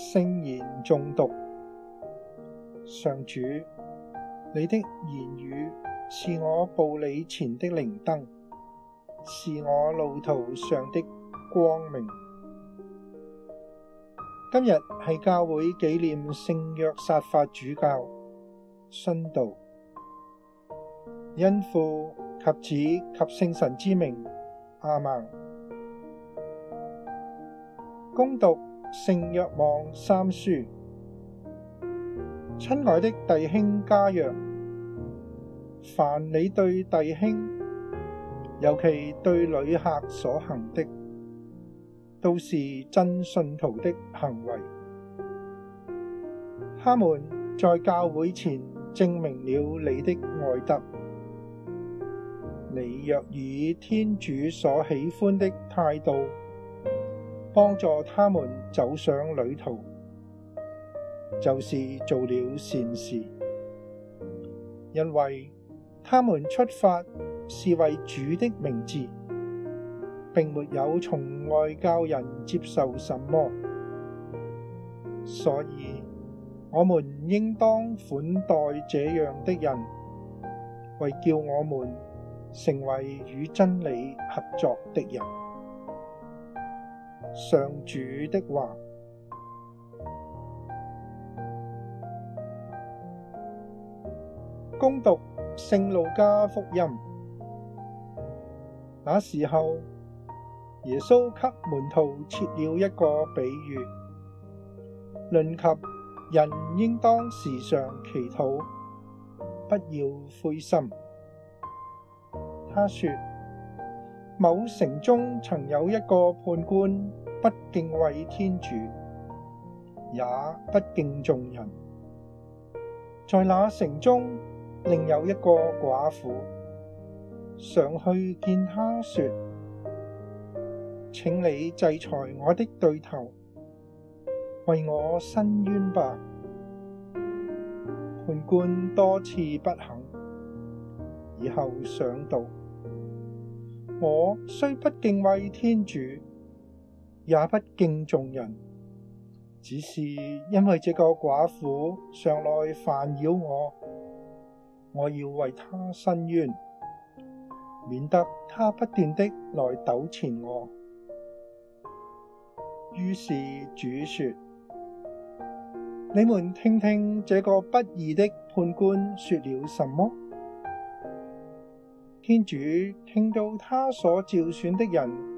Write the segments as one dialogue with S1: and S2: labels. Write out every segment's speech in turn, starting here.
S1: 聖言誦讀，上主，你的言語是我步履前的靈燈，是我路途上的光明。今日係教會紀念聖若撒法主教殉道，因父及子及聖神之名，阿們。恭讀。聖約望三書，親愛的弟兄加約，凡你對弟兄，尤其對旅客所行的，都是真信徒的行為。他們在教會前證明了你的愛德。你若以天主所喜歡的態度，幫助他們走上旅途，就是做了善事，因為他們出發是為主的名字，並沒有從外教人接受什麼，所以我們應當款待這樣的人，為叫我們成為與真理合作的人。上主的話。恭讀《聖路加福音》。那時候，耶穌給門徒設了一個比喻，論及人應當時常祈禱，不要灰心。他說：某城中曾有一個判官。不敬畏天主，也不敬重人，在那城中另有一個寡婦，常去見他，說：請你制裁我的對頭，為我伸冤吧！判官多次不肯，以後想到，我雖不敬畏天主。也不敬重人，只是因為這個寡婦常來煩擾我，我要為她伸冤，免得她不斷的來糾纏我。於是主說：你們聽聽這個不義的判官說了什麼。天主聽到他所召選的人。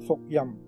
S1: 福音。